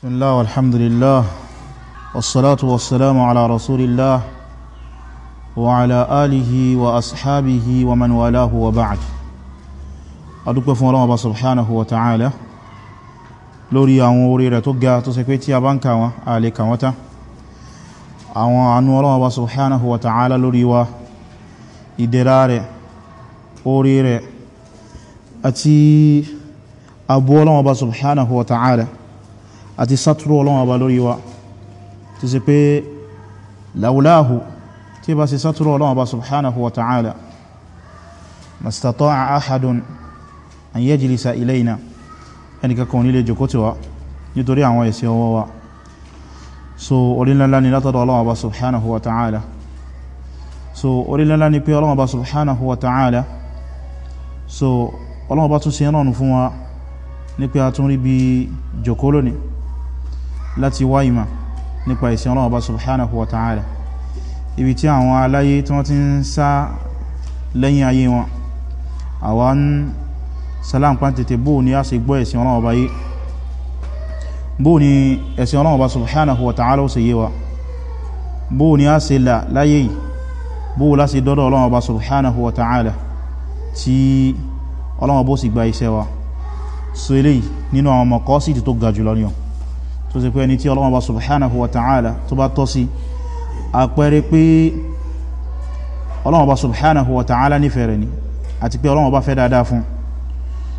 بسم الله والحمد لله والصلاة والسلام على رسول الله وعلى آله وأصحابه ومن والاه وبعد أدوك فون الله سبحانه وتعالى lórí àwọn orí rẹ̀ tó ga tó ṣe pé tí a bá ń kà wọn a lè kà wọ́n tán àwọn àánú Ọlọ́run wa subhanahu wa ta'ala lórí wa ìdẹ̀ra rẹ̀ orí rẹ̀ àti àbú Ọlọ́run wa wa ta'ala àti sátúrò ọlọ́run ọba lórí wa tó sì pé lawláhù tí bá sì sátúrò ọlọ́run ọba subhanahu wa ta'ala mastata'a ahadun an yajlisa ilayna ẹnikẹ́kọ̀ọ́ nílé jòkó tí wa nítorí àwọn ẹ̀sẹ̀ ọwọ́ wa so orílẹ̀ ni látọ̀dọ̀ ọlọ́run ọba subhanahu wa ta'ala ni pé a tún rí bí jòkó lónìí láti wá ìmà nípa ìsìn ọlọ́wọ́ bá subhanahu wa ta'ala ibi tí àwọn aláyé tí wọ́n ti ń sá lẹ́yìn ayé wọn àwọn salam pa tètè bó ní a sì gbọ́ ẹ̀sìn ọlọ́wọ́ bá yé bó ní ẹ̀sìn ọlọ́wọ́ bá subhanahu wa ta'ala ó sì yé wa bó ní a sì là láyé yìí bó láti dọ́dọ̀ ọlọ́wọ́ bá subhanahu wa ta'ala tí ọlọ́wọ́ bó sì gba iṣẹ́ wa so eléyìí nínú àwọn mọ̀kọ́sìtì tó ga jùlọ ni ọ̀ tó ṣe pé ẹni tí Ọlọ́run bá subhanahu wa ta'ala tó bá tọ́ sí àpẹẹrẹ pé Ọlọ́run bá subhanahu wa ta'ala nífẹ̀ẹ́ ni àti pé Ọlọ́run bá fẹ́ dáadáa fún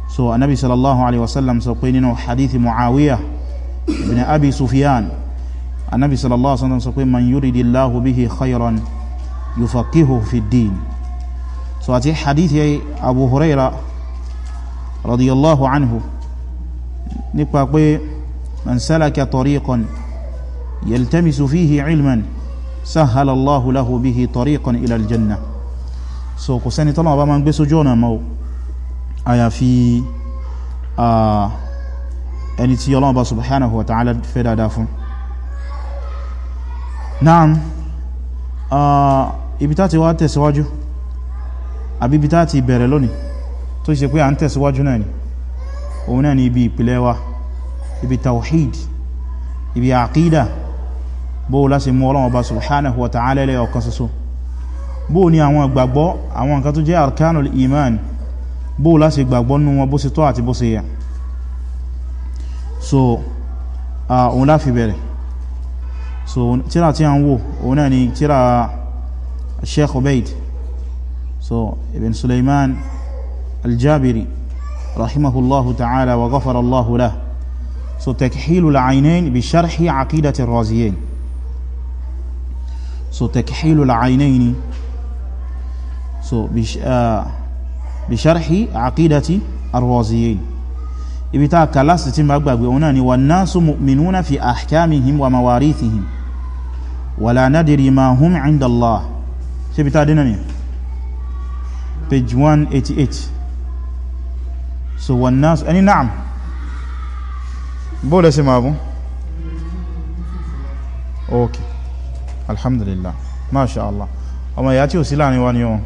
so anabi sallallahu alaihi wasallam sọ pé nínú hadithi muawiya ibn abi sufyan anabi sallallahu alaihi wasallam sọ pé man yuridillahu bihi khayran yufaqihu fi din so àti hadithi abu huraira radiyallahu anhu nípa pé من سلك طريقا يلتمس فيه علما سهل الله له به طريقا إلى الجنة so kò sẹ́ni tọ́lọ̀ ọba ma ń gbé sójú ọ̀nà mọ́ àyàfi ẹni tí Ọlọ́run Ọba subhanahu wa ta'ala fẹ́ dáadáa fún naam ibi tá ti wá tẹ̀síwájú àbí ibi tá ti bẹ̀rẹ̀ lónìí tó ṣe pé à ń tẹ̀síwájú náà ni òun náà ni ibi ìpìlẹ̀ wa ibi tawhid ibi àkídà bó láti mú Ọlọ́run Ọba subhanahu wa ta'ala lẹ́yọ kan ṣoṣo bó ní àwọn gbàgbọ́ àwọn nǹkan tó jẹ́ arkanul iman bó láti gbàgbọ́ nú wọn bó sì tọ́ àti bó sì yà so òun láfi bẹ̀rẹ̀ so tíra tí a ń wò òun náà ni tíra sheikh ubaid so ibn suleiman aljabiri rahimahullahu ta'ala wa ghafara allahu lahu so تكحيل العينين بشرح عقيدة الرازيين so تكحيل العينين so بش, uh, بشرح عقيدة الرازيين ibi ta kala sí tí ma gbàgbé òun náà ni wà náà sún mu'minuna fi ahkamihim wa mawarithihim wala nadiri ma hum inda Allah ṣe bí ta dínà ni page 188 so wà náà sún ẹni na'am bóòlẹ̀ sí máa fún ok alhamdulillah masha Allah ọmọ ìyá tí ò sí láàrin wa ni wọn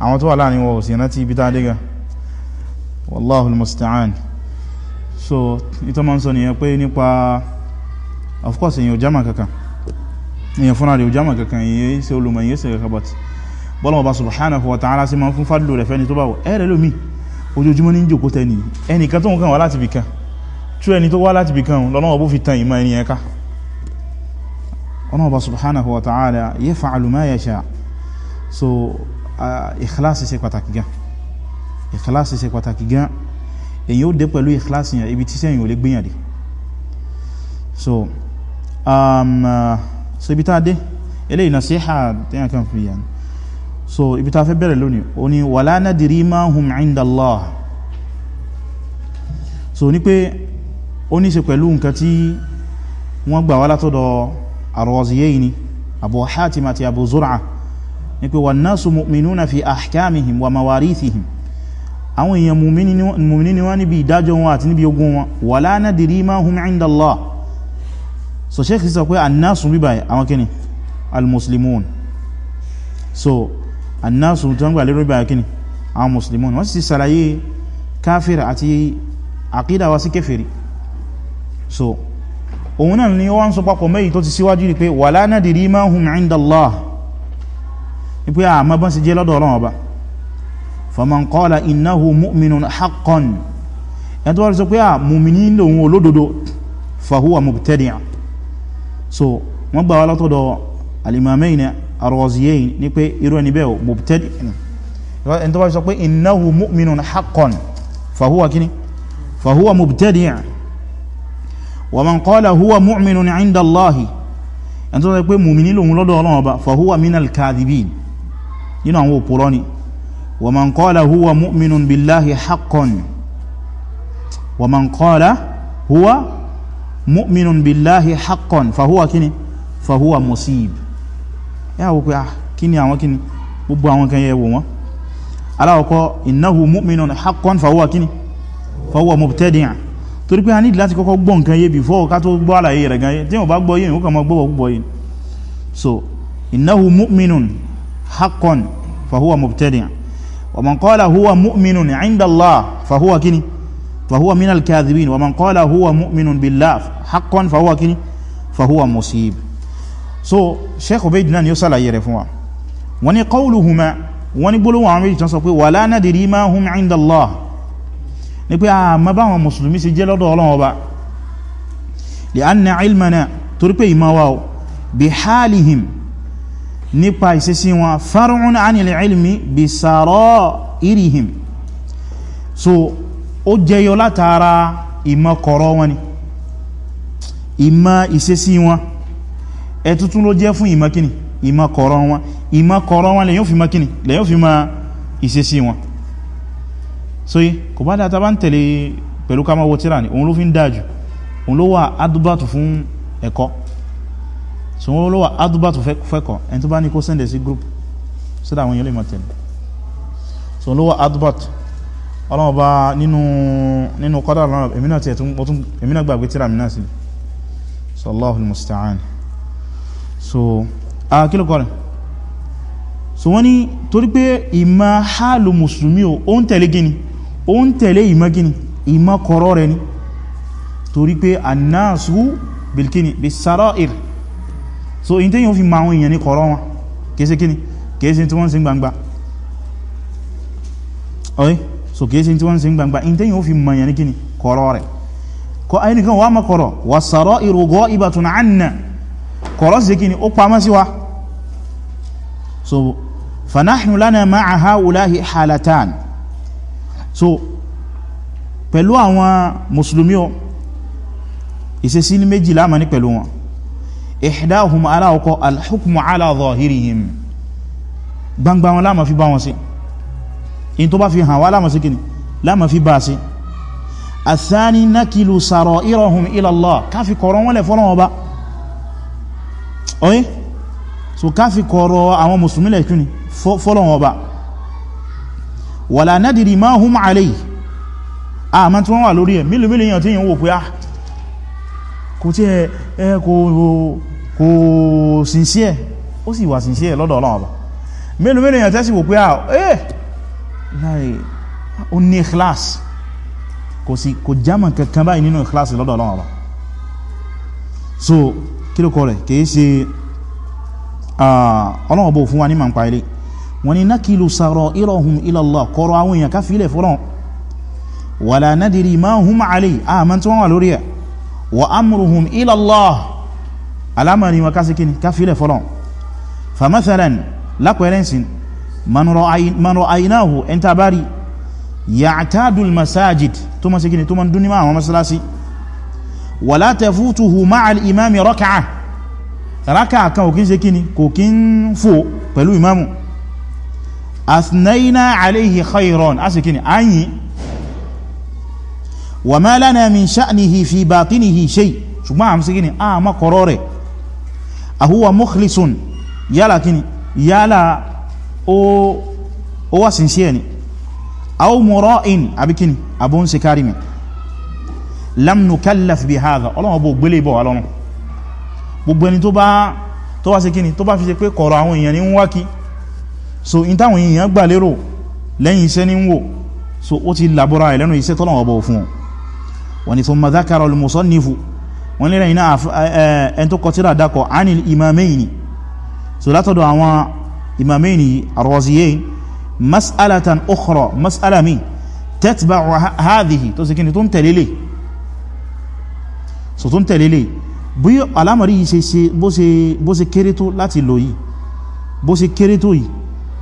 àwọn tó wà láàrin wọn ò sí rántí ibi tá dégà wallahu almusta'an so ito ma ń sọ nìyẹn pé nípa of course èyàn jama kankan èyàn fúnra rẹ̀ jama kankan èyàn ṣe olùmọ̀ èyàn ṣe kankan but bọ́lá ọba subhanahu wa ta'ala sí ma ń fún fàdúrò rẹ̀ fẹ́ni tó bá wọ ẹ̀rẹ̀ lómi ojoojúmọ́ ní jòkó tẹ́ ni ẹnìkan tó ń kàn wá láti bìkan tú ẹni tó wá láti bí kan lọ́nà ọbú fi tan ìmọ̀ ẹni ẹka ọ̀nà ọba subhanahu wa ta'ala yaf'alu ma yasha so ìkìláàsì ṣe pàtàkì gan ìkìláàsì ṣe pàtàkì gan èyí ó dé pẹ̀lú ìkìláàsì yàn ibi tí sẹ́yìn ò lè gbìyànjú so um, so ibi tá dé eléyìí nasiha tẹ́yàn kan fi yàn so ibi tá fẹ́ bẹ̀rẹ̀ lónìí ó ní wala nadri ma hum inda Allah so ní pé ó ní ṣe pẹ̀lú nǹkan tí wọ́n gbà wá látọ̀dọ̀ Ar-Raziyayn ni Abu Hatim àti Abu Zur'a ní pé wan-nasu mu'minuna fi ahkamihim wa mawarithihim àwọn èèyàn mùmíní ni wọ́n níbi ìdájọ́ wọn àti níbi ogun wọn wala nadri ma hum 'inda Allah so sheikh sọ pé annasu bíbà àwọn kíni al-muslimun so annasu tó ń gbà lérò bíbà kíni àwọn muslimun wọ́n sì ṣàlàyé káfíra àti àkídà wa sí kẹfẹ̀rí so òun náà ni wọ́n sọ papọ̀ méyìí tó ti síwájú rí pé wala nadri ma hum inda Allah wípé àmọ́ ah, bọ́n sì jẹ́ lọ́dọ̀ ọlọ́run ọba faman qala innahu mu'minun haqqan ẹni ah, fahuwa mubtadi'a so wọ́n gbà wá látọ̀dọ̀ al-imamayn ar-raziyayn ní pé irú ẹni bẹ́ẹ̀ mubtadi'a ẹni tó wá sọ pé fahuwa mubtadi'a ومن قال هو مؤمن عند الله ẹni tó sọ pé mùmìnì lòun lọ́dọ̀ ọlọ́run ọba فهو من الكاذبين nínú àwọn òpòrọ́ ni ومن قال هو مؤمن بالله حقا ومن قال هو مؤمن بالله حقا فهو kíni فهو مصيب yà wò pé ah kíni àwọn kíni gbogbo àwọn kan yẹ wò wọ́n aláwọ̀kọ́ إنه مؤمن حقا فهو kíni فهو مبتدع torí pé a nídìí láti kọ́kọ́ gbọ́ nǹkan yé before ká tó gbọ́ àlàyé rẹ̀ gan yé tí wọ́n bá gbọ́ yé ìwọ́n kàn mọ́ gbọ́ púpọ̀ so innahu mu'minun haqqan fahuwa mubtadi' wa man qala huwa mu'minun 'inda Allah fahuwa kini fahuwa minal kadhibin wa man qala huwa mu'minun billah haqqan fahuwa kini fahuwa musib so sheikh obeid náà ni ó sàlàyé rẹ̀ fún wa wọ́n ni qawluhuma wọ́n ni gbólóhùn àwọn méjì tán sọ wala nadri ma hum 'inda Allah ní pé àmọ́ báwọn mùsùlùmí ṣe jẹ́ lọ́dọ̀ Ọlọ́run Ọba li anna ilmana torí pé ìmọ̀ wa bi halihim nípa ìṣesí wọn far'un anil ilmi bi sarairihim so ó jẹyọ látara ìmọ̀ kọ̀rọ̀ wọn ni ìmọ̀ ìṣesí wọn ẹ̀tútún ló jẹ́ fún ìmọ̀ kíni ìmọ̀ kọ̀rọ̀ wọn ìmọ̀ kọ̀rọ̀ wọn lẹ́yìn fi mọ̀ kíni lẹ́yìn fi mọ̀ ìṣesí wọn so yí kò bá dáta bá ń tẹ̀lé pẹ̀lú ká máa wo tíra ní òun ló fi ń dájú òun ló wà adúbàtù fún ẹ̀kọ́ so òun ló wà adúbàtù fẹ́kọ̀ ẹni tó bá ní kó sẹ́ndẹ̀ sí group sí àwọn yẹlẹ́ máa tẹ̀lé so òun ló wà adúbàtù ọlọ́wọ́ bá nínú nínú kọ́dà lọ́rọ̀ èmi náà tiẹ̀ tún èmi náà gbàgbé tíra mi náà sí so Allahu al-musta'an so a kí ló kọ́ so wọ́n ní torí pé ìmá hálù mùsùlùmí o ó ń tẹ̀lé gíní ó ń tẹ̀lé ìmọ́gíní ìmọ́kọ̀rọ̀ rẹ̀ ni torí pé annásu bilkini bí sara'ir so in tẹ́yìn ó fi ma àwọn èèyàn ní kọ̀rọ̀ wọn kéèsé kíni kéèsé tí wọ́n sí gbangba ọ̀yí so kéèsé tí wọ́n sí gbangba in tẹ́yìn ó fi ma èèyàn ní kíni kọ̀rọ̀ rẹ̀ kọ ayinikan wa makọ̀rọ̀ wa sara'iru gha'ibatan anna kọ̀rọ̀ sí kíni ó pamọ́ sí wa so fanahnu lana ma'a ha'ulahi halatan so pẹ̀lú àwọn mùsùlùmí o ìṣesí ní méjì láàmà ní pẹ̀lú wọn ihdahum aláwọ̀kọ́ alhukmu ala zahirihim gbangba wọn láàmà fi bá wọn sí in tó bá fi hàn wá láàmà sí kìnnì láàmà fi bá sí athani nakilu sarairahum ila Allah káfi kọ̀rọ̀ wọn lẹ̀ fọ́lọ́wọ́ bá wàlá nádìrí máa hùm àlè àmá tí wọ́n wà lórí ẹ̀ mílùú mílùú èèyàn tí yìí wò pé á ah, kò tí ẹ kò sincere ó sì wà sincere lọ́dọ̀ Ọlọ́run Ọba mílùú mílùú èèyàn tẹ́sì wò pé á ah, ẹ́ eh, láì ó ní ikhlas kò sí kò jámọ̀ kankan báyìí nínú ikhlas lọ́dọ̀ Ọlọ́run Ọba so kí ló kọ rẹ̀ kìí ṣe ah, Ọlọ́run Ọba fún wa wọ́n ni nákìlù sarairahum ila Allah kọrọ àwọn èèyàn káfílẹ̀ fọ́lọ́n wala nadiri ma hum alay àmà tí wọ́n wà lórí ẹ̀ wa amruhum ila Allah alámàrí wọn kásíkín káfílẹ̀ fọ́lọ́n fa mathalan lápẹẹrẹnsìn man ra'aynahu ẹn tabari ya'tadul masajid tó ma síkín tó ma dún ní ma àwọn masalasi wala tafutuhu ma'al imami raka'a raka'a kan òkín síkín kò kín fò pẹ̀lú imamu asnaina alayhi khayran asikini ayin wa ma lana min sha'nihi fi batinihi shay ṣùgbọ́n àmsíkini a makọrọ rẹ̀ ahuwa mukhlisun yálà kini yálà o wá sincere ni aw mura'in abikini abun sikari mi lam nukallaf bi hadha ọlọ́wọ́ bó gbélé bọ̀ alọ́nà gbogbo ẹni tó bá tó wá sí kini tó bá fi ṣe pé kọ̀rọ̀ àwọn èèyàn ní ń wákìí so in táwọn èèyàn gbà lérò lẹ́yìn iṣẹ́ ní ń wò so ó ti làbọ́ra ẹ̀ lẹ́nu iṣẹ́ tọ́lọ̀wọ̀ bọ̀ fún wọn ni thumma dhakara al-musannifu wọ́n lè rẹ̀yìn náà ẹn tó kọtíra dákọ̀ anil imamaini so látọ̀dọ̀ àwọn imamaini ar-Raziyayn mas'alatan ukhra mas'ala mi tatba'u hadhihi tó sì kí ni tó ń tẹ̀lélé so tó ń tẹ̀lélé bí alámọ̀rí yìí ṣe bó ṣe kéré tó láti lò yìí bó ṣe kéré tó yìí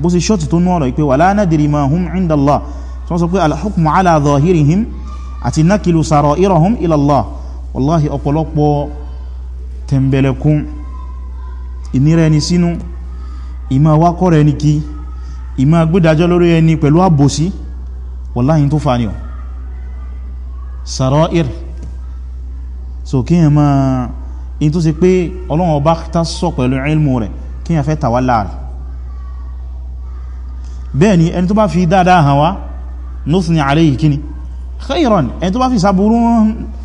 bó ṣe ṣọ́ọ̀tì tó nọ́ọ̀rọ̀ ìpé wala nadri ma hum inda Allah tí wọ́n sọ pé al-hukmu ala zahirihim àti nakilu sarairahum ila Allah wallahi ọ̀pọ̀lọpọ̀ tẹ̀m̀bẹ̀lẹ̀kún ìnira ẹni sínú ìmá wákọ́rẹ̀ ẹni kí ìmá gbídájọ́ lórí ẹni pẹ̀lú àbòsí wallahi tó fà ní ọ̀ sarair so kí ẹ máa in tó ṣe pé Ọlọ́run ọba tá sọ pẹ̀lú ilmu rẹ̀ kí ẹ fẹ́ tàwálà rẹ̀ bẹ́ẹ̀ni ẹni tó bá fi dáadáa hàn wá nusni alayhi kíni khairan ẹni tó bá fi sàbúrú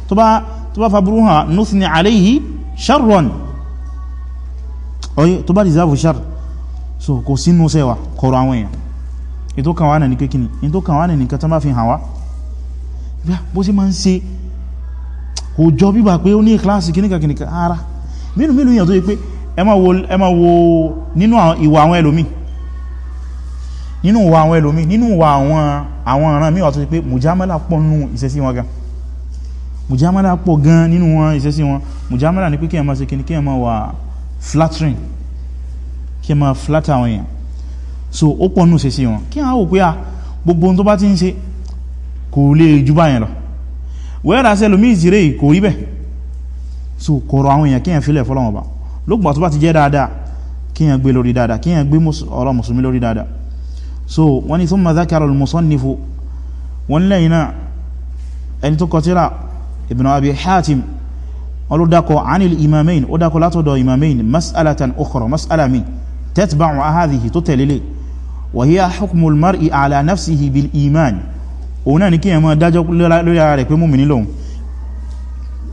tó bá tó bá fàbúrú hàn nusni alayhi sharran oye tó bá dìzáàfù shar so kò sínú sẹ́wà kọrọ àwọn èèyàn ètò kan wà náà ní kékíní ètò kan wà náà nìkan tó bá fi hàn wá bó sí máa ń ṣe kò jọ wo nínú ìwà àwọn ẹlòmíì nínú wa àwọn ẹlòmí nínú wa àwọn àwọn ọ̀ràn mí ọ̀tọ́ pé mùjámálà pọ̀ nínú ìṣesí wọn gan mùjámálà pọ̀ gan nínú wọn ìṣesí wọn mùjámálà ní pé kí ẹ máa ṣe kí ẹ máa wà flattering kí ẹ máa flatter àwọn èèyàn so ó pọ̀ nínú ìṣesí wọn kí á wò pé à ah, gbogbo ohun tó bá ti ń ṣe kò lè ju báyẹn lọ wẹ́ẹ̀rà sí ẹlòmí ìṣeré kò rí bẹ́ẹ̀ so kọ̀rọ̀ àwọn èèyàn kí ẹ filẹ̀ fọlọ́wọ́n bá lókùnbà tó bá ti jẹ́ dáadáa kí ẹ gbé lórí so wọ́n ni thumma dhakara al-musannifu wọ́n lẹ́yìn náà ẹni tó kọtíra ibn abi hatim wọ́n ló dákọ̀ anil imamain ó dákọ̀ látọ̀dọ̀ imamain mas'alatan ukhra mas'ala mi tatba'u hadhihi tó tẹ̀lélé wa hiya hukmul mar'i ala nafsihi bil iman òun náà ni kí ẹmọ dájọ́ lórí ara rẹ̀ pé múmi nílò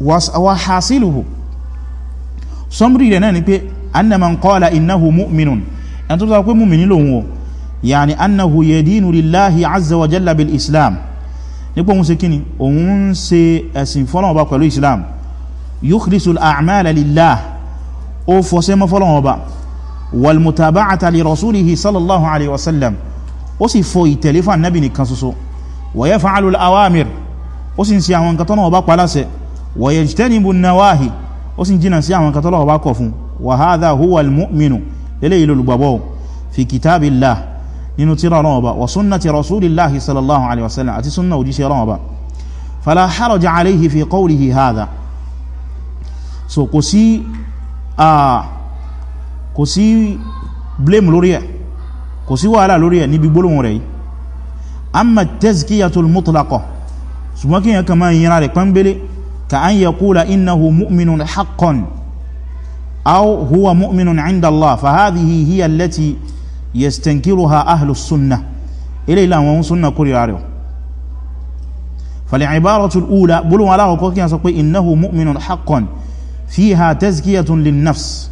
wa sọmrí rẹ̀ náà ni pé anna man innahu mu'minun ẹni tó sọ pé múmi nílò wọn yàní annahu yadinu lillahi azza wa jalla bil islam nípa òun ṣe kíni òun ṣe ẹ̀sìn fọ́lọ́wọ́ bá pẹ̀lú islam yukhlisu al-a'mala lillah ó fọ́sẹ́ mọ́ fọ́lọ́wọ́ bá wal mutaba'ata li rasulihi sallallahu alaihi wasallam ó sì fọ́ ìtẹ̀lé fún annabi nìkan ṣoṣo wa yaf'alu al-awamir ó sì ń ṣe àwọn nǹkan tọ́nà ọba paláṣẹ wa yajtanibu an-nawahi ó sì ń jìnà sí àwọn nǹkan tọ́nà kọ̀ fún wa hadha huwa al-mu'minu eléyìí lólùgbàgbọ́ fi kitabillah nínú tírà ọlọ́run ọba wa sunnati rasulillahi sallallahu alaihi wasallam àti sunna òjíṣẹ́ ọlọ́run ọba fala haraja alaihi fi qawlihi hadha so kò sí kò sí blame lórí ẹ̀ kò sí wàhálà lórí ẹ̀ níbi gbólóhùn rẹ̀ yìí amma tazkiyatul mutlaqa ṣùgbọ́n kí yẹn kàn máa yìnra rẹ̀ pẹ́ńbélé ka an yaqula innahu mu'minun haqqan aw huwa mu'minun inda Allah fa hadhihi hiya allati يستنكرها أهل السنة إلى إلى أن سنة كل عارف فالعبارة الأولى بلو على وقوك يسقي إنه مؤمن حقا فيها تزكية للنفس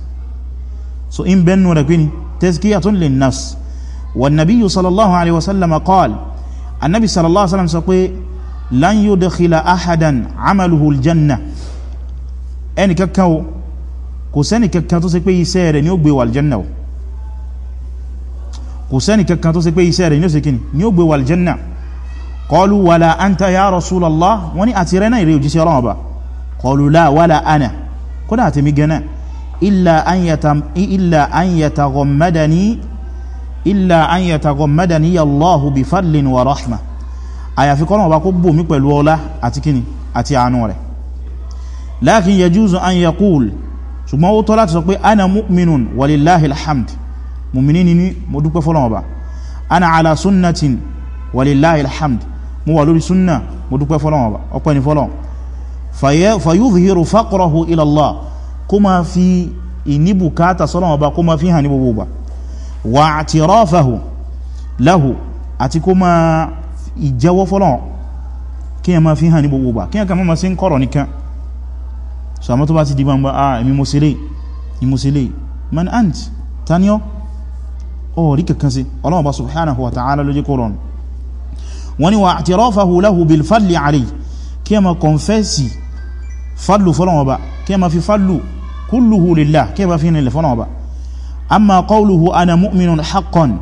سو إن بنو لكني تزكية للنفس والنبي صلى الله عليه وسلم قال النبي صلى الله عليه وسلم سقي لن يدخل أحدا عمله الجنة أني ككو كسني ككو تسقي سير يقبل الجنة kò sẹ́ni kankan tó ṣe pé iṣẹ́ rẹ̀ ní ó ṣe kíni ní ó gbé wà aljanna qalu wala anta ya rasulallah wọ́n ní àti rẹ́nà ìrẹ́ òjíṣẹ́ ọlọ́run ọba qalu la wala ana kódà àti mi gẹ́nà illa an yataghammadani illa an yataghammadani yallahu bi fadlin wa rahma àyàfi kọ́lọ̀ ọba kó bò mí pẹ̀lú ọlá àti kíni àti àánú rẹ̀ lakin yajuzu an yaqul ṣùgbọ́n ó tọ́ láti sọ pé ana mu'minun walillahi alhamd mùmìnì ni ní mo dúpẹ́ fọ́lọ́run ọba ana ala sunnatin walillahi alhamd mo wà lórí sunna mo dúpẹ́ fọ́lọ́run ọba ọpẹ́ ni fọ́lọ́run fayudhiru faqrahu ila Allah kó máa fi ìníbùkátà sọ́lọ́run ọba kó máa fi hàn ní gbogbo ọba wa i'tirafahu lahu àti kó máa ìjẹ́wọ́ fọ́lọ́run kí ẹ máa fi hàn ní gbogbo ọba kí ẹ kà máa sí ń kọ̀rọ̀ nìkan so àmọ́ tó bá ti di gbangba ah èmi mo sílé ìmúsílé man ant taniọ́ orí kankan sí ọlọ́wọ́ bá subhanahu wa ta'ala ló jẹ́ kó rọrùn wọ́n ni wa i'tirafahu lahu bil fadli alayhi kí a ma kọnfẹ́sì fadlu fọ́lọ́wọ́ bá kí a ma fi fadlu kulluhu lillah kí a ma fi nílẹ̀ fọ́lọ́wọ́ bá amma qawluhu ana mu'minun haqqan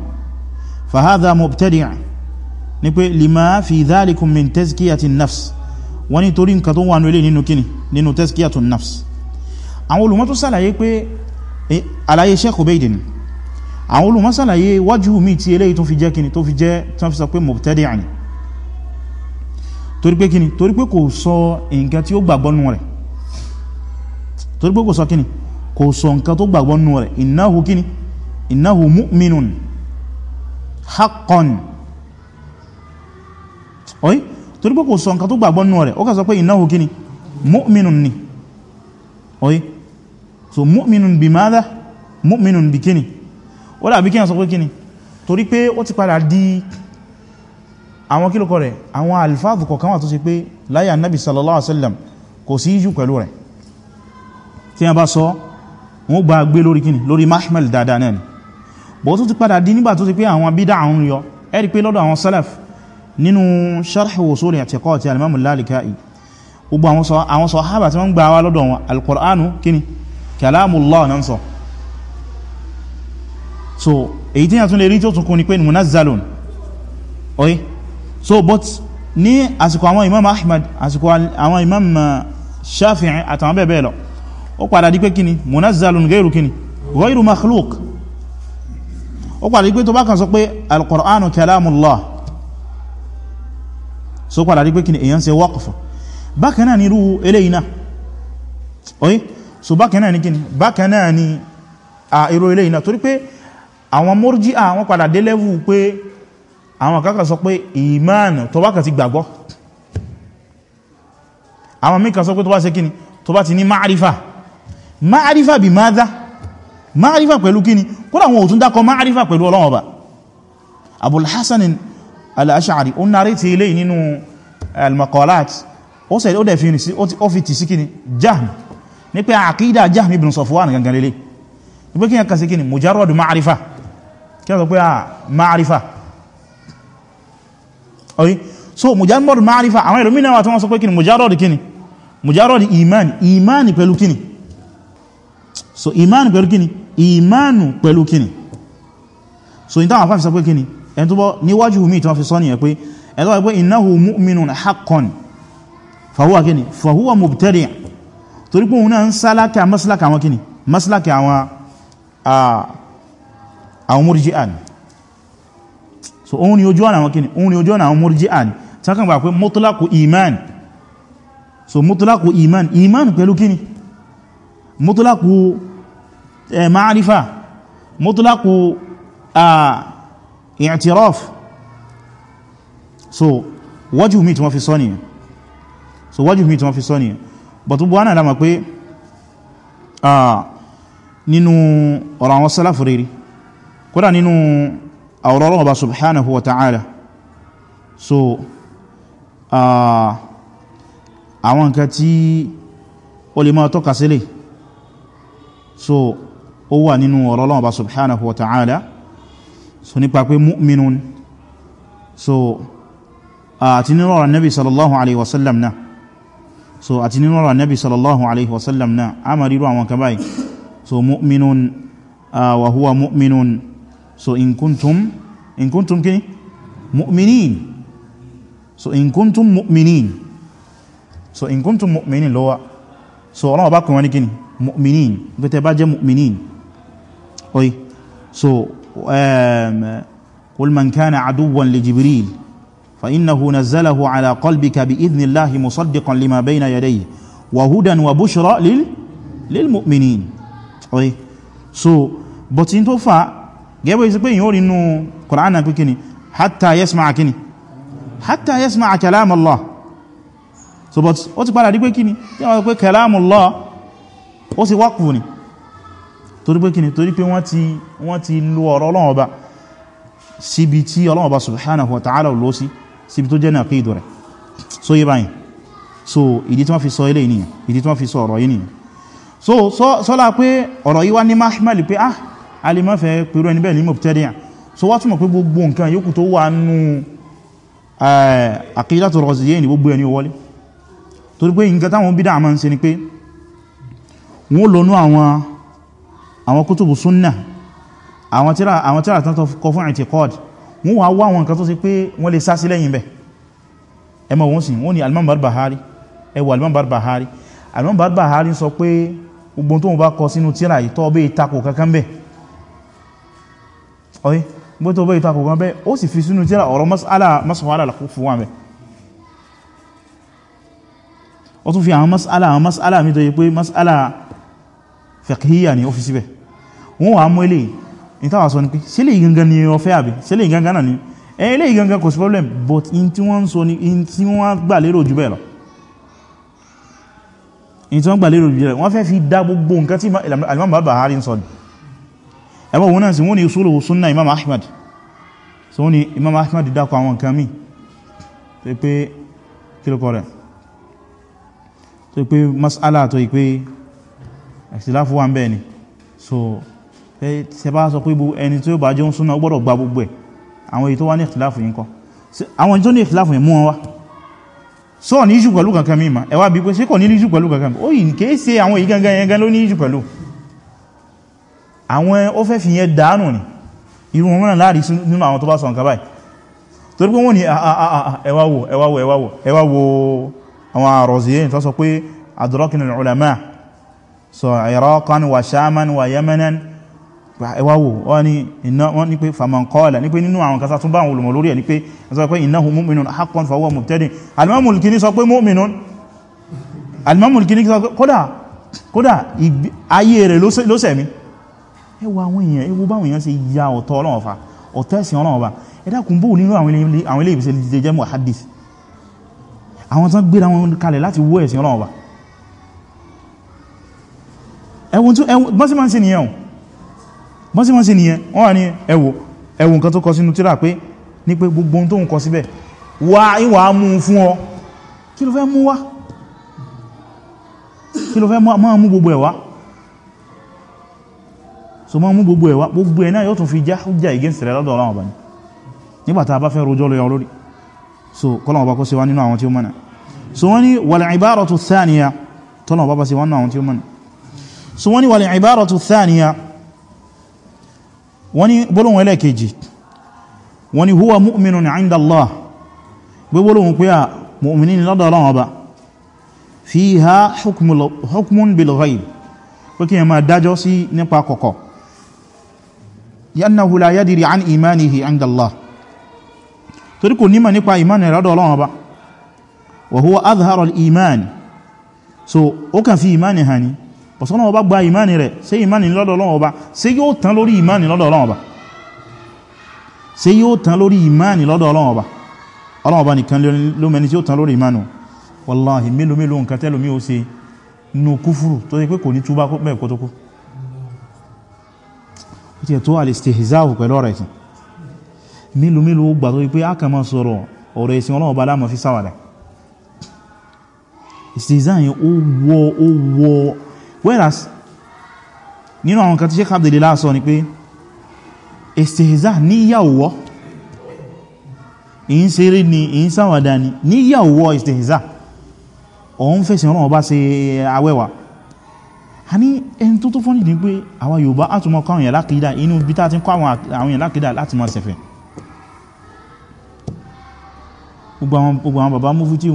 fa hadha mubtadi' ni pé lima fi dhalikum min tazkiyati nafs wọ́n ni torí nǹkan tó wà nílé nínú kíni nínú tazkiyatu nafs àwọn olùmọ́ sàlàyé pé eh, àlàyé Sheikh Ubaydin àwọn olùmọ́sàlàyé wájú mi ti eléyìí tó fi jẹ́ kíni tó fi jẹ́ tó fi sọ pé mubtadi'a ni torí pé kíni torí pé kò sọ nǹkan tí ó gbàgbọ́ nù rẹ̀ torí pé kò sọ kíni kò sọ nǹkan tó gbàgbọ́ nù rẹ̀ innahu kíni innahu mu'minun haqqan ọ̀yí torí kò sọ nǹkan tó gbàgbọ́ nù rẹ̀ ó kà sọ pé innahu kíni mu'minun ni ọ̀yí so mu'minun bi madha mu'minun bi kíni wọ́n dàbí kí n sọ pé kíni torí pé ó ti padà di àwọn kílòkọ rẹ̀ àwọn alifáàfù kọ̀kan wà tó ṣe pé láyé annabi sallallahu alaihi wasallam kò sí ìjú pẹ̀lú rẹ̀ tí a bá sọ wọ́n gba gbé lórí kíni lórí mahmal dáadáa náà ni bọ́ tó ti padà di nígbà tó ti pé àwọn bídá àwọn yọ gbogbo àwọn sàhábà tí wọ́n gbà wá lọ́dọ̀ wọn al-Qur'anu kíni kalamullah náà sọ so èyí tí a tún lè rí tí ó tún kún ni pé munazzalun oye so but ní àsìkò àwọn imam ahmad àsìkò àwọn imam uh, shafi'i àtàwọn bẹ́ẹ̀ bẹ́ẹ̀ lọ ó padà di pé kíni munazzalun gairu kíni gairu makhluq ó padà di pé tó bá kan sọ pé alqur'anu kalamullah so padà di pé kíni èyàn ṣe waqf bákan náà ni irú eléyìí náà oye so bákan náà ni kíni bákan náà ni a irú eléyìí náà torí pé àwọn mọ́rújí àwọn padà dé lẹ́wù pé àwọn kankan sọ pé ìmáànù tó bá kàn ti gbàgbọ́ àwọn mìkan sọ pé tó bá ṣe kíni tó bá ti ní máàrífà máàrífà bí máàdá máàrífà pẹ̀lú kíni kódà wọn ò dákọ máàrífà pẹ̀lú Ọlọ́run Ọba Abul Hasan al-Ash'ari ó narí ti ilé nínú al-maqalat ó sẹ̀ ó dẹ̀ fi sí ó fi tì sí kíni Jahm ní pé àkídà Jahm kà sí kíni mujarrad máàrífà kí wọ́n sọ pé à ah, ma'arifa orí so mujarrad ma'arifa àwọn ìlúmínà wà tí wọ́n sọ pé kíni mujarrad kíni mujarrad imani imani pẹ̀lú kíni so imani pẹ̀lú kíni imanu pẹ̀lú kíni so in táwọn afáfi sọ pé kíni ẹni tó bọ́ níwájú mi tí wọ́n fi sọ nìyẹn pé ẹ̀lọ́ pé innahu mu'minun haqqan fahuwa kíni fahuwa mubtadi' torí pé òun àwọn murji'an so òun ni ojú ọ̀nà àwọn kíni òun ni ojú ọ̀nà àwọn murji'an sákan gbà pé mutlaqu iman so mutlaqu iman iman pẹ̀lú kíni mutlaqu eh, ma'arifa mutlaqu ah, i'tiraf so wajhu mi tí wọ́n fi sọ nìyàn so wajhu mi tí wọ́n fi sọ nìyàn but gbogbo ánà lámà pé ah, nínú ọ̀rọ̀ àwọn sálàfù rere kódà nínú àwọ̀rọ̀lọ́wọ̀ bá subhanahu wa ta'ala so àwọn nǹkan tí ó lè máa tọ́ka sílẹ̀ so ó wà nínú ọ̀rọ̀lọ́wọ̀ bá subhanahu wa ta'ala so nípa pé mu'minun so àti nínú ọ̀rọ̀ nabi sallallahu alaihi wasallam náà so àti nínú ọ̀rọ̀ nabi sallallahu alaihi wasallam náà a máa ríru àwọn kan báyìí so mu'minun wa huwa mu'minun so in kuntum in kuntum kini mu'minin so in kuntum mu'minin so in kuntum mu'minin ló wà so Ọlọ́run bá kun wá kini mu'minin bí tẹ́ bá jẹ́ mu'minin oyi so um, قل من كان عدوا لجبريل فإنه نزله على قلبك بإذن الله مصدقا لما بين يديه وهدى وبشرى لل للمؤمنين oyi so but in tó fà gẹ́gbẹ́ isi pé yìí ó rí inú Kùránà pé kíni hatta yasma kíni hatta yasma kalam Allah so but ó ti padà rí pé kíni tí wọ́n pé kalam Allah ó sì wákù ni torí pé kíni torí pé wọ́n ti wọ́n ti lo ọ̀rọ̀ Ọlọ́run Ọba síbi tí Ọlọ́run Ọba subhanahu wa ta'ala lọ sí síbi tó jẹ́ ní àkídò rẹ̀ so yé báyìí so ìdí tí wọ́n fi sọ ilé ènìyàn ìdí tí wọ́n fi sọ ọ̀rọ̀ yìí nìyàn so sọ́lá pé ọ̀rọ̀ yìí wá ní mahmal pé ah a lè má fẹ́ pẹ̀lú ẹni bẹ́ẹ̀ ní mubtadi'a so wá túnmọ̀ pé gbogbo nǹkan yòókù tó wà nú Aqeedatul Raziyayn ní gbogbo ẹni wọlé torí pé nǹkan táwọn bídá àmọ́ ń ṣe ni pé wọ́n lónú àwọn àwọn kútùbù súnnà àwọn tíra àwọn tíra tán tó kọ fún i'tiqad wọ́n wá wá àwọn nǹkan tó ṣe pé wọ́n lè sá sí lẹ́yìn bẹ̀ ẹ mọ̀ wọ́n sì wọ́n ni al-Imam Barbahari ẹ wọ al-Imam Barbahari al-Imam Barbahari sọ pé gbogbo tó wọ́n bá kọ sínú tíra ìtọ́ bẹ́ ìtakò kankan bẹ́ẹ̀ ọ̀yí bó tó bó ìtakò gan bẹ́ ó sì fi sínú tíra ọ̀rọ̀ masala fún wa mẹ́ ó tún fi àwọn masala àwọn masala mi tó yí pé masala fiqhiyya ni ó fi síbẹ̀ wọ́n wà mú ilé ìtawà sọ ní pé sílé ìgangan ni ọfẹ́ àbí sílé ìgangan náà ni ilé ìgangan kò sí problem but in tí wọ́n ń sọ ni in tí wọ́n gbà lérò jù bẹ́ẹ̀ lọ in tí wọ́n gbà lérò jù bẹ́ẹ̀ lọ wọ́n fẹ́ fi dá gbogbo nǹkan tí alimọ́ bàbá harin sọ ni ẹwọ́ wọn náà sí wọ́n ni usulu sunna imam ahmad so wọ́n ni imam ahmad dákọ̀ àwọn nǹkan mi tó pé kílùkọ́ rẹ̀ tó pé mas'ala tó pé ẹ̀sìláfù wà ń bẹ́ẹ̀ ni so ṣe bá sọ pé ẹni tí ó bá jẹun súnà ó gbọ́dọ̀ gba gbogbo ẹ̀ àwọn èyí tó wá ní ẹ̀sìláfù yìí kọ́ àwọn èyí tó ní ẹ̀sìláfù yìí mú wọn wá sọ ní ìṣù pẹ̀lú kankan mímọ̀ ẹwà bí àwọn ó fẹ́ fi yẹn dánù ní irú mìíràn láàrí nínú àwọn tó bá sọ nǹkan báyìí torí pé wọ́n ni ẹwàwò ẹwàwò ẹwàwò ẹwàwò àwọn àrọ̀zìyẹ́ tó sọ pé adrakna al sọ pé innahu mu'minun haqqan fa ayé rẹ̀ ló sẹ̀mí ẹ wo àwọn èèyàn ẹ báwọn èèyàn ṣe ya ọ̀tọ̀ ọlọ́run fa ọ̀tọ̀ ẹ̀sìn ọlọ́run ba ẹ dákun bó nínú àwọn ilé ìbísẹ̀ lè jẹ́ muhaddith àwọn tán gbéra wọn kalẹ̀ láti wó ẹ̀sìn ọlọ́run ba ẹwùn tó ẹwùn bọ́n sí máa ń ṣe nìyẹn bọ́n sí máa ń ṣe nìyẹn wọ́n wà ní ẹwù ẹwù nǹkan tó kọ sínú tíra pé ní pé so ma mú gbogbo ẹ̀wà gbogbo ẹ̀ náà yóò tún fi já hujja against rẹ̀ lọ́dọ̀ ọlọ́wọ́ bá nígbàtà bá fẹ́ rojọ́ lọ lórí so kọ́lọ̀wọ́ bá kó sí wá nínú àwọn tí ó mọ́nà so wọ́n ni wal ibaratu thaniya tọ́lọ̀wọ́ bá bá sí wá nínú àwọn tí ó mọ́nà so wọ́n ni wal ibaratu thaniya wọ́n ni gbólóhùn ẹlẹ́kejì wọ́n ni huwa mu'minun 'inda hukmun bil ghaib pé dájọ́ sí nípa kọ̀kọ̀ yánnahu la yadiri an imanihi inda Allah torí kò nímọ̀ nípa ìmánì rọ́dọ̀ ọlọ́run ọba wa huwa azhara al-iman so ó kàn fi ìmánì hàn ní pọ̀sọ́nà ọba gba ìmánì rẹ̀ ṣé ìmánì lọ́dọ̀ ọlọ́run ọba ṣé yóò tán lórí ìmánì lọ́dọ̀ ọlọ́run ọba ṣé yóò tán lórí ìmánì lọ́dọ̀ ọlọ́run ọba ọlọ́run ọba nìkan ló mẹni tí ó tán lórí ìmánì wallahi mélòó mélòó nǹkan tẹ́lómi ó ṣe nù kúfùrù tó ṣe pé kò ní túbá pẹ́ kótókó ó ti ẹ̀tọ́ alìstihzáhù pẹ̀lú ọ̀rọ̀ ẹ̀sìn mílù mílù ó gbà tó wípé a kàn máa sọ̀rọ̀ ọ̀rọ̀ ẹ̀sìn ọlọ́wọ́ bá láàmà fi sáwàdà istihzáhù ó wọ ó wọ whereas nínú àwọn kan tí Sheikh Abdullah sọ ni pé istihzá a ní ẹni tó tó fọ́nì ní pé àwọn Yorùbá á tún mọ́ kọ́ àwọn èèyàn lákìídà inú bí tá ti kọ́ àwọn èèyàn lákìídà láti mọ́ sẹ̀fẹ̀ gbogbo àwọn bàbá múfútí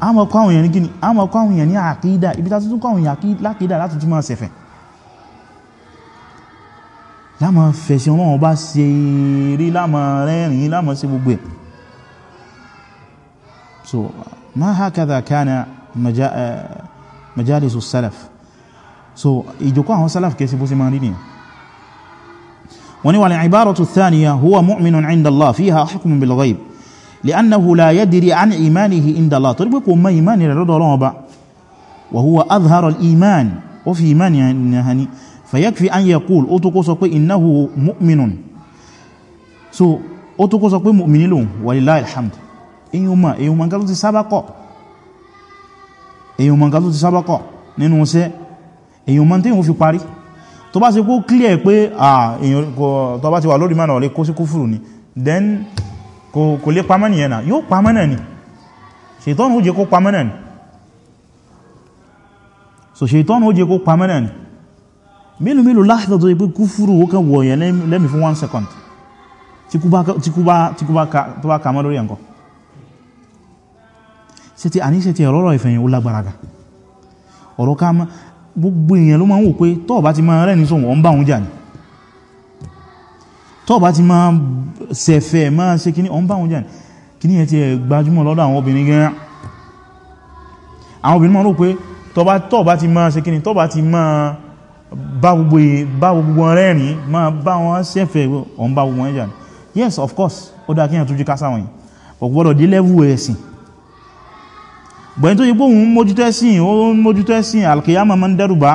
a mọ́ kọ́ àwọn èèyàn ní a mọ́ kọ́ àwọn èèyàn ní àkìídà ibi tá tún kọ́ àwọn èèyàn lákìídà láti tún mọ́ sẹ̀fẹ̀ láàmọ́ fẹ̀sẹ̀ wọn bá ṣe rí láàmọ́ rẹ́rìn láàmọ́ sí gbogbo ẹ̀ so ma hakadha kana maja eh, majalisu salaf so ìjòkó àwọn salaf kẹsí bó sí máa rí nìyàn wọ́n ni wà ní ìbáratu thaniya huwa mu'minun inda Allah fiha hukmun bil ghaib li'annahu la yadri an imanihi inda Allah torí pé kò mọ imani rẹ̀ lọ́dọ̀ Ọlọ́run Ọba wa huwa azhara al-iman ó fi imani hani fayakfi an yaqul ó tó kó innahu mu'minun so ó tó kó sọ pé mu'mini lòun walilahi alhamd èyí ma èyí ma ń ti sábà èyàn mọ̀ nǹkan tó ti sábákọ̀ nínú iṣẹ́ èyàn mọ̀ tí yíò fi parí tó bá ṣe kó clear pé tó bá ti wà lórí mẹ́rin ọ̀lẹ́ kó sí kúfùrù ni then kò lè pamọ́ nìyẹn náà yóò pamọ́ náà ni ṣètọ́nù ó jẹ́ kó pamọ́ náà ni so ṣètọ́nù ó jẹ́ kó pamọ́ náà ni mélòó mélòó láàrín tó yẹ pé kúfùrù ó kàn wọ̀nyẹn lẹ́mì fún one second tí kú bá kà mọ́ lórí ẹ̀kọ́ sí ti àníṣẹ́ ti ọ̀rọ̀ ìfẹ̀yìn ó lágbára ga ọ̀rọ̀ ká gbogbo èèyàn ló máa ń wò pé tó bá ti máa rẹ̀ ní sọ wọ́n bá wọn jà ní tó bá ti máa sẹ̀fẹ̀ máa ṣe kíní ọ̀n bá wọn jà ní kíní yẹn ti gbajúmọ̀ lọ́dọ̀ àwọn obìnrin gan àwọn obìnrin máa rò pé tó bá ti máa ṣe kíní tó bá ti máa bá gbogbo rẹ̀rìn máa bá wọn sẹ̀fẹ̀ ọ̀n bá wọn jà ní yes of course ó dá kíyàn tó jí kásá wọn yìí ọ̀gbọ́dọ̀ dé level ẹ̀sìn bọ̀yìn tó yí gbóhun mójútẹ́sìn ó mójútẹ́sìn alkiyama ma ń dẹ́rùbá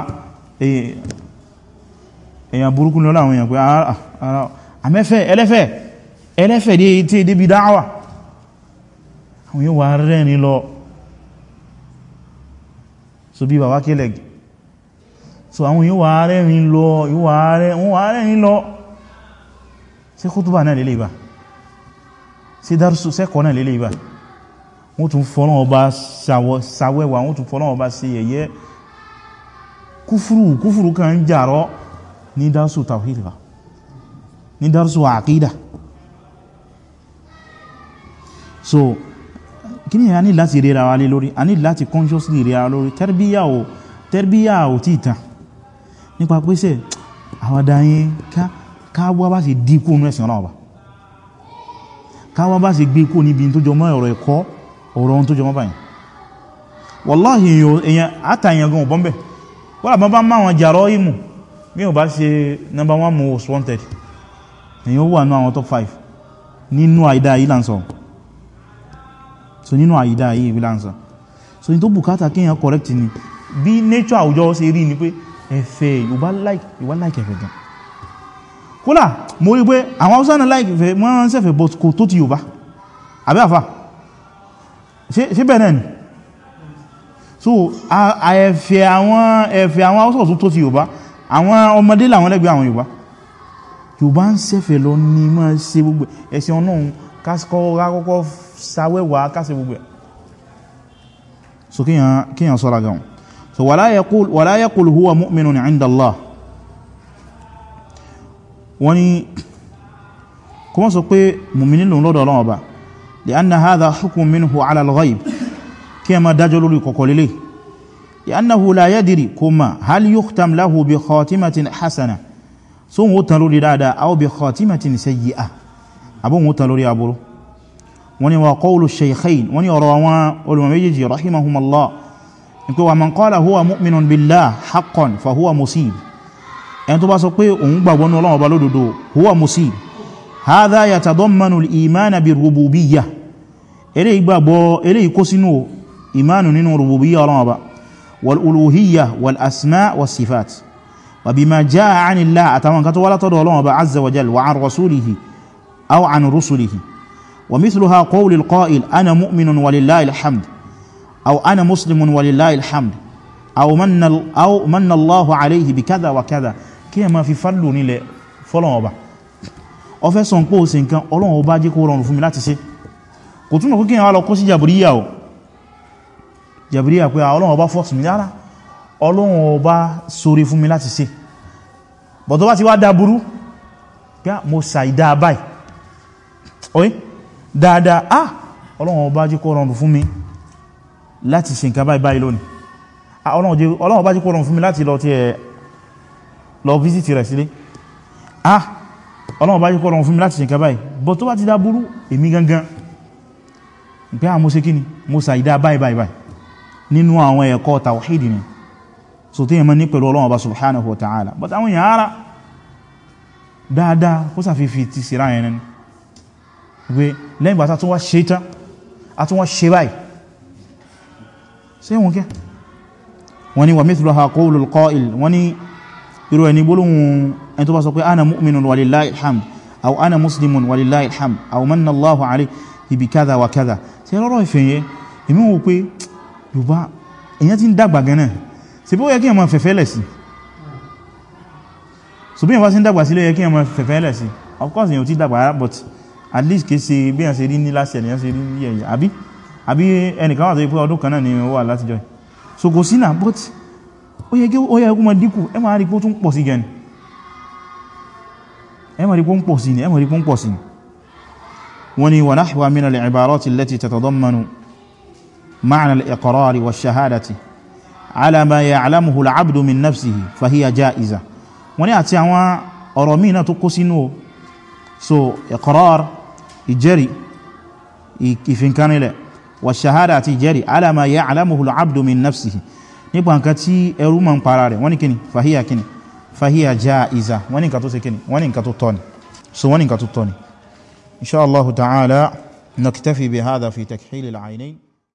èyàn burúkú lọ́la àwọn èyàn pé ah, ah, ah, àmẹ́fẹ́ ẹlẹ́fẹ́ ẹlẹ́fẹ́ dé tí débi dáwà àwọn yíò wà rẹ̀ lọ so bí bàbá kélẹ̀ so àwọn yíò wà rẹ̀ ní lọ yíò wà rẹ̀ wọ́n tún fọ́nà ọba sàwẹ́wà wọ́n tún fọ́nà ọba sí ẹ̀yẹ́ kúfúrú kúfúrú kan ń jàrọ ní dárùsù tàwídà ní dárùsù àkídà so kí ni a ní láti rera wa lé lórí a ní láti consciously rera lórí tẹ́rbíyà ò tẹ́rbíyà ò tí ìtàn nípa pèsè àwàdáyín káwọ́ bá sì dí kó nú ẹ̀sìn ọ̀nà ọba káwọ́ bá sì gbé kó níbi tó jọ mọ́ ọ̀rọ̀ ẹ̀kọ́ ọ̀rọ̀ ohun tó jọmọ́ báyìí wallahi èyàn àtàyàn gan ọ̀bọ́n bẹ̀ wọ́n àbọ́n bá má wọn jàrọ ìmù mi ò bá ṣe number one most wanted èyàn wà ní àwọn top five nínú àìdá yìí láǹsọ̀ so nínú àìdá yìí láǹsọ̀ so ní tó bùkátà kéèyàn correct ni bí nature àwùjọ ṣe rí ni pé ẹ̀fẹ̀ ìwà like ìwà like ẹ̀fẹ̀ gan kódà mo rí pé àwọn haúsá náà like ìfẹ̀ mọ́ sẹ́fẹ̀ but kò tó ti Yorùbá àbẹ́ àfà síbẹ̀ náà ni so ẹ̀fẹ̀ àwọn ẹ̀fẹ̀ àwọn haúsọ̀ tó ti yorùbá àwọn ọmọdé làwọn lẹ́gbẹ̀ẹ́ àwọn yorùbá yorùbá ń sẹ́fẹ̀ lọ ní ma ṣe gbogbo ẹ̀sìn ọlọ́run kọ́kọ́ sáwẹ́wà kásẹ̀ gbogbo ẹ̀ so kíyàn sọ́ra gan so wala yaqul huwa mu'minun 'inda Allah sọ pé mùmínì lòun lọ́dọ̀ ọlọ́run ọba لأن هذا حكم منه على الغيب كما دجل لكوكول ليه لأنه لا يدري كما هل يختم له بخاتمة حسنة سوء تلوري دادا أو بخاتمة سيئة أبو تلوري أبو وني وقول الشيخين وني روان والمميجي رحمهم الله ومن قال هو مؤمن بالله حقا فهو مصيب أنتو باسقوا أنبا ونولا وبالودو هو مصيب هذا يتضمن الإيمان بالربوبية إليه بابو إليه كسنو إيمان ننو ربوبية رابا والألوهية والأسماء والصفات وبما جاء عن الله أتمنى تدو الله عز وجل وعن رسوله أو عن رسله ومثلها قول القائل أنا مؤمن ولله الحمد أو أنا مسلم ولله الحمد أو من, أو من الله عليه بكذا وكذا كما في فلو نيلي فلو ọfẹ́ sọ pé ó ṣe nǹkan ọlọ́run ọba jẹ́ kó rọrùn fún mi láti ṣe kò túnmọ̀ kó kíyàn wá lọ kó sí jàbìríyà o jàbìríyà pé ọlọ́run ọba fọ́ọ̀sì mi lára ọlọ́run ọba sóre fún mi láti ṣe bọ̀tọ́ bá ti wá dáburú pé mo ṣàìdá báyìí oye dáadáa ah ọlọ́run ọba jẹ́ kó rọrùn fún mi láti ṣe nǹkan báyìí báyìí lónìí ọlọ́run ọba jẹ́ kó rọrùn fún mi láti lọ tí ẹ lọ fíìsìtì rẹ̀ sílé ah ọlọ́run bá yí kọ́rọ̀ fún mi láti ṣẹ̀kẹ́ báyìí bọ́ tó bá ti dá burú èmi gangan pé a mo ṣe kí ni mo ṣàìdá báyìí báyìí nínú àwọn ẹ̀kọ́ tàwàhídì ni so tí yẹmọ́ ní pẹ̀lú ọlọ́run ọba subhanahu wa ta'ala but àwọn èèyàn ara dáadáa kó sàfífi irú ẹni gbólóhùn ẹni tó bá sọ pé ana mu'minun walillahi alhamd aw ana muslimun walillahi alhamd aw manna Allahu alayhi ibi kadha wa kadha ṣe rọrọ ìfẹ̀yẹ èmi wò pé yorùbá èyàn ti ń dàgbà gan náà ṣe bí ó yẹ kí so bí ẹmọ sí ń dàgbà sílé yẹ kí ẹmọ fẹ̀fẹ́ lẹ̀ of course èyàn ti dàgbà but at least kì í ṣe bí ẹ̀yàn ṣe rí ní last year lèyàn ṣe rí ní ẹ̀yà àbí àbí ẹnìkan wà tó kan náà ni ó wà látijọ́ so go sí náà but ó yẹ kó ma dínkù ẹ máa rí pó tún pọ̀ sí gẹn ẹ máa rí pó ń pọ̀ sí ni ẹ máa rí pó ń pọ̀ sí ni wọ́n ni wa nahwa min al-ibarati allati tatadammanu ma'na al-iqrari wa shahadati ala ma ya'lamuhu al-'abdu min nafsihi fa wọ́n ni àti àwọn ọ̀rọ̀ míì náà tó kó ìfinkanilẹ̀ wa shahadati ìjẹ́rì ala ma ya'lamuhu al nafsihi nípa nǹkan tí ẹrú ma ń para rẹ̀ wọ́n ní kíni fàhíyà kíni fàhíyà jaiza wọ́n ní nǹkan tó ṣe kíni wọ́n ní nǹkan tó tọ́ ni so wọ́n ní nǹkan tó tọ́ ni insha Allah ta'ala naktafi bi hadha fi takhil al